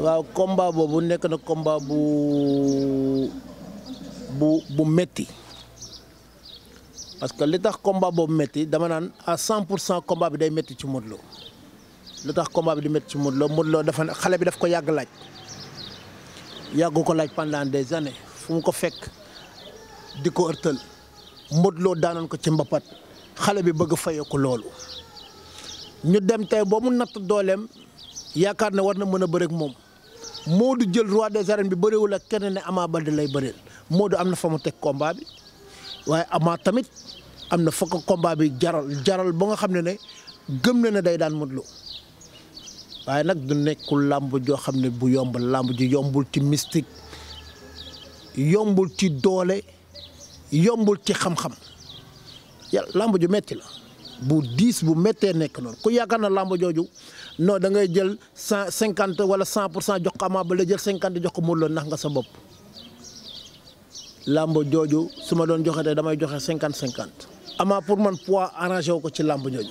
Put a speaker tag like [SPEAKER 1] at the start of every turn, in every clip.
[SPEAKER 1] waaw combat boobu nekk na combat bu bu bu metti parce que li tax combat boobu metti dama naan à 100 pour cent combat bi day metti ci Modou Lo li tax combat bi di metti ci Modou Lo Modou Lo xale bi daf ko yàgg laaj yàgg ko laaj pendant des années fu mu ko fekk di ko ërtal Modou Lo ko ci mbapat xale bi bëgg fayeeku loolu ñu dem tey boo mu natt dooleem yaakaar ne war na mën a bëreek moom Modou jël roi des arènes bi bëriwul ak keneen ne Ama Baldé lay bëreel Modou am na fa mu teg combat waaye Ama tamit am na fa ko jaral jaral ba nga xam ne ne gëm na ne day daan Modou Lo waaye nag du nekkul làmb joo xam ne bu yomb làmb ji yombul ci mystique yombul ci doole yombul ci xam-xam yàlla làmb ju metti la bu diis bu mettee nekk noonu ku yaakaar na làmb jooju non da ngay jël cent cinquante wala cent pour cent jox ko Ama Baldé jël cinquante jox ko Modou Lô nax nga sa bopp. làmb jooju su ma doon joxe tey damay joxe cinquante cinquante. Ama pour man poids arrangé wu ko ci làmb jooju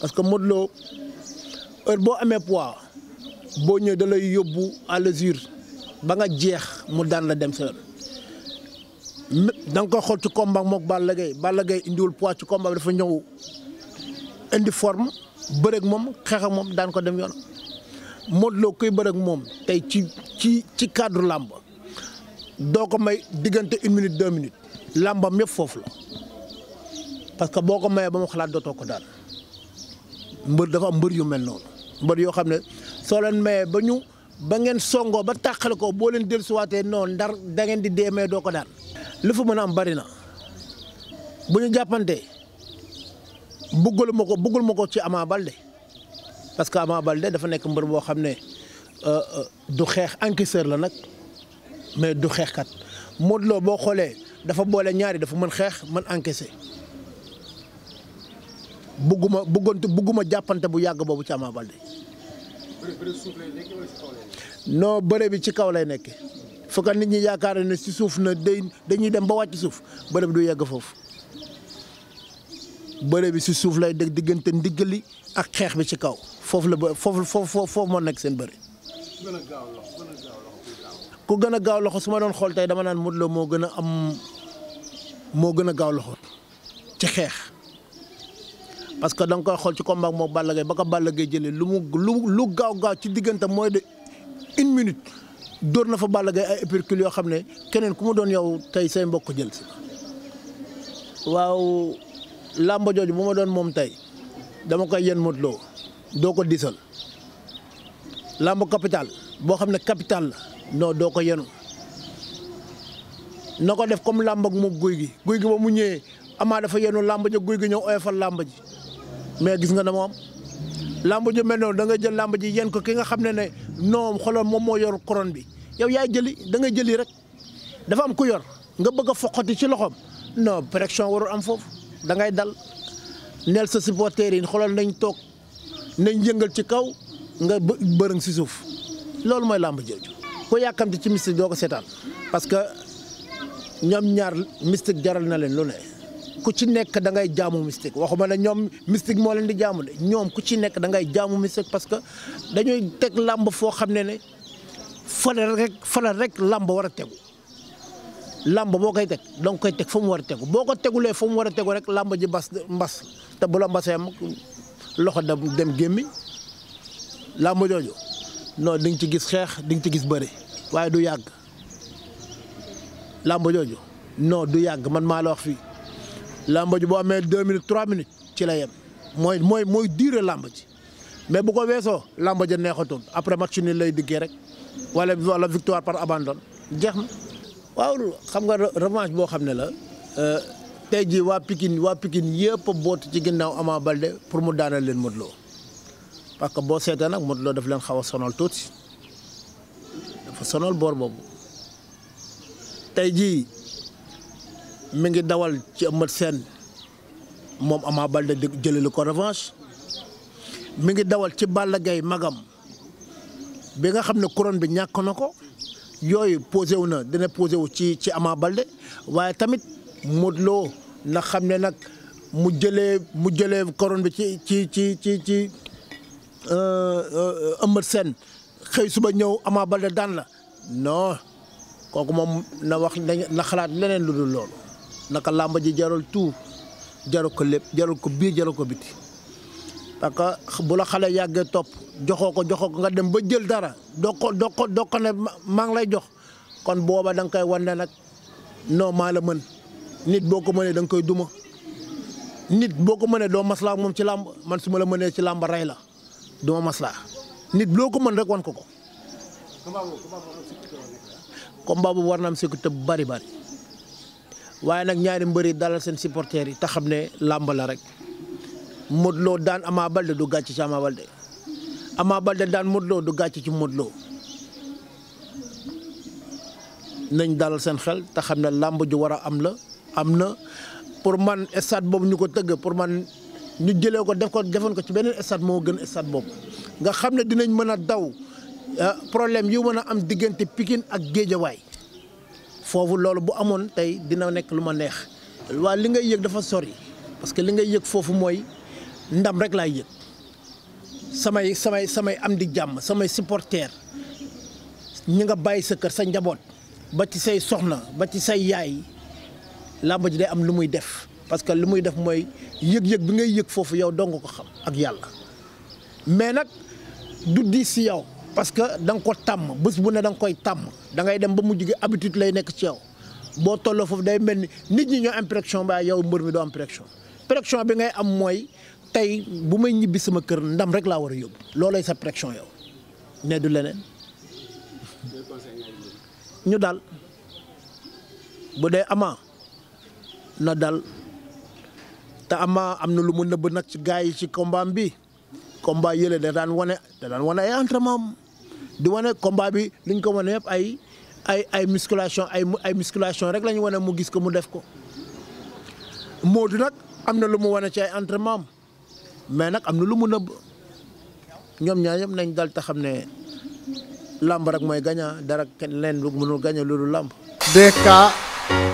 [SPEAKER 1] parce que Modou Lô boo amee poids boo ñëwee da yóbbu à l'usure ba nga jeex mu daan la dem sa yoon da nga ko xool ci combat mook Balla Gaye Balla Gaye indiwul poids ci combat bi dafa ñëw indi forme bëreeg moom xeex moom daan ko dem yoonam Modou Lo kuy bëreeg moom tey ci ci ci cadre làmb doo ko may diggante une minute deux minutes làmbam yëpp foofu la parce que boo ko mayee ba mu xalaat dootoo ko daan mbër dafa mbër yu mel noonu mbër yoo xam ne soo leen mayee ba ñu ba ngeen songoo ba tàqale ko boo leen dellusiwaatee noonu ndar da ngeen di dee mais doo ko daan. li fa mën a am bari na bu ñu jàppante. bëggalu ma ko bëggul ma ko ci Ama Baldé parce que Ama Baldé dafa nekk mbër boo xam ne euh, euh, du xeex encaisseur la nag mais du xeexkat Modou boo xoolee dafa boole ñaari dafa mën xeex mën encaissé bugguma buggoon bugguma jàppante bu yàgg boobu ci Ama Baldé noo bëre bi ci kaw lay nekk fu ko nit ñi yaakaar ne si suuf na day dañuy dem ba wàcc suuf bëre du yegg foofu bëre bi si suuf lay dëgg diggante ndiggali ak xeex bi ci kaw foofu la ba foofu foofu foofu moo nekk seen bëri. ku gën a gaaw loxo su ma doon xool tey dama naan Modou loo moo gën a am moo gën a gaaw loxo ci xeex parce que da nga koy xool ci combat moo Balla Gaye ba ko Balla Gaye jëlee lu mu lu gaaw gaaw ci diggante mooy de une minute dóor na fa Balla Gaye ay uppercut yoo xam ne keneen ku mu doon yow tey say mbokk jël si waaw. làmba jooju bu ma doon moom tey dama koy yen Modou Lo doo ko diisal làmb capital boo xam ne capital la non doo ko yenu na ko def comme làmb ak moom guy gi guy gi ba mu ñëwee amaa dafa yenu làmb guy gi ñëw oyofal làmb ji mais gis nga na moom làmb ju mel noonu da ngay jël làmb ji yen ko ki nga xam ne ne non moom moo yor couronne bi yow yaay jëli da ngay jëli rek dafa am ku yor nga bëgg a foqati ci loxoom non pression warul am foofu. da ngay dal neel sa supporters yi xoolal nañ toog nañ yëngal ci kaw nga bërëng si suuf loolu mooy làmb jooju ko yàkkamti ci mystique doo ko seetaan parce que ñoom ñaar mystique jaral na leen lu ne ku ci nekk da ngay jaamu mystique waxuma ne ñoom mystique moo leen di jaamu ñoom ku ci nekk da ngay jaamu parce que dañuy teg làmb foo xam ne ne fële rek fële rek làmb war a tegu làmb boo koy teg danga koy teg fa mu war a tegu boo ko tegulee fa mu war a tegu rek làmb ji bas mbas te bu la mbasee loxo dem dem gémmi làmb jooju non di nga ci gis xeex di nga ci gis bëri waaye du yàgg làmb jooju non du yàgg man maa la wax fii làmb ji boo amee deux minutes trois minutes ci la yem mooy mooy mooy diire làmb ji mais bu ko weesoo làmb ja neexatul après match ni lay diggee rek wala wala victoire par abandon jeex na. waaw xam nga revanche boo xam ne la euh, tey jii waa Pikine waa pikin yëpp a bootu ci ginnaaw Ama Baldé pour mu daanal leen Modou Lo parce que boo seetee nag Modou Lo daf leen xaw a sonal tuuti dafa sonal boor boobu tey jii mi ngi dawal ci Eumeu Sène moom Ama Baldé di jëlali ko revanche mi ngi dawal ci Balla gay magam bi nga xam ne couronne bi ñàkk na ko yooyu posé wu na dina posé wu ci ci Ama Baldé waaye tamit Modou Lo na xam ne nag mu jëlee mu jëlee couronne bi ci ci ci ci ci euh, Eumeu Sène xëy suba ñëw Ama Baldé daan la non kooku moom na wax xalaat leneen lu lool loolu naka làmba ji jarul tout jarul ko lépp jarul ko biir jarul ko biti parce que bu la xale yàggee topp joxoo ko joxoo nga dem ba jël dara doo ko doo ko ne maa ngi lay jox kon booba da nga koy ne nag non maa mën nit boo ko mënee da koy duma nit boo ko mënee doo maslaa moom ci làmb man su ma la mënee ci làmb rey la duma maslaa nit loo ko mën rek wan ko ko. combat boobu war na am sécurité bu bari bari waaye nag ñaari mbër yi dalal seen supporters yi te xam ne làmb la rek. Modou Lo daan Ama Baldé du gàcc ci Ama Baldé Ama Baldé daan Modou Lo du gàcc ci Modou Lo nañ dalal seen xel te xam ne làmb ju war a am la am na pour man stade boobu ñu ko tëgg pour man ñu jëlee ko def ko defoon ko ci beneen stade moo gën stade boobu nga xam ne dinañ mën a daw ah, problème yu mën a am diggante pikin ak Géejawaay foofu loolu bu amoon tey dina nekk lu ma neex. waa li ngay yëg dafa sori parce que li ngay yëg foofu mooy. ndam rek laa yëg samay samay samay am di jàmm samay supporter ñi nga bàyyi sa kër sa njaboot ba ci say soxna ba ci say yaay làmb ji day am lu muy def parce que lu muy def mooy yëg-yëg bi ngay yëg foofu yow dong ko xam ak yàlla mais nag du di si yow parce que da nga ko tàmm bés bu ne da nga koy tàmm da ngay dem ba mujj gi habitude lay nekk ci yow boo tolloo foofu day mel ni nit ñi ñoo am pression ba yow mbër mi doo am pression pression bi ngay am mooy tey bu may ñibbi sama kër ndam rek laa war a yóbbu loolay sa protection yow ne du leneen ñu dal bu dee amaa na dal te amaa am na lu mu nëbb nag ci gars yi ci combat bi combat yële da daan wane da daan wane ay entraînement di wane combat bi liñ ko wane yëpp ay ay ay ay ay musculation rek la wane mu gis ko mu def ko Modou nag am na lu mu wane ci ay entraînement mais nag am na lu mu nëbb ñoom ñaar yëpp nañ dal te ne làmb rek mooy gaña dara kenn leen lu mënul gaña loolu làmb DK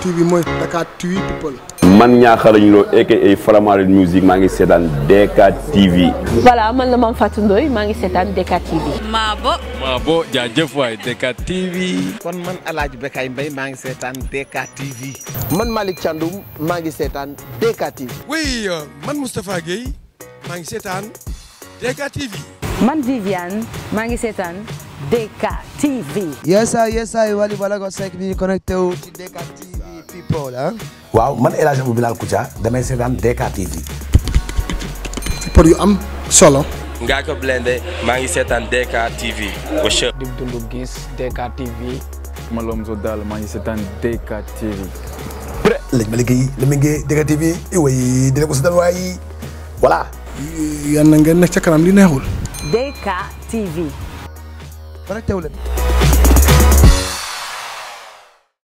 [SPEAKER 1] TV mooy Dakar TV people man ñaaxarañ loo aka ay Faramaren music maa ngi seetaan DK TV voilà man la Mame Fatou maa ngi seetaan DK TV Maabo Maabo jaajëf waay DK TV kon man Alaaji Bekaay Mbaye maa ngi seetaan DK TV man Malick Thiandoum maa ngi seetaan DK TV euh, man Moustapha Guèye maa ngi seetaan DK TV. man Viviane maa ngi seetaan DK TV. yesa yesa Wally Ballago Seck bi connecté wu ci DK TV people ah. waaw man El Hadj Abou Bilal Koutia damay seetaan DK TV. pour yu am solo. ngaa ko blende maa ngi seetaan DK TV. di dundu gis DK TV. Malom Zodal maa ngi seetaan DK TV. bëre lañ li mu ngi DK TV iway dina ko seetaan voilà. yal na ngeen nekk ca kanam li neexul. DK TV.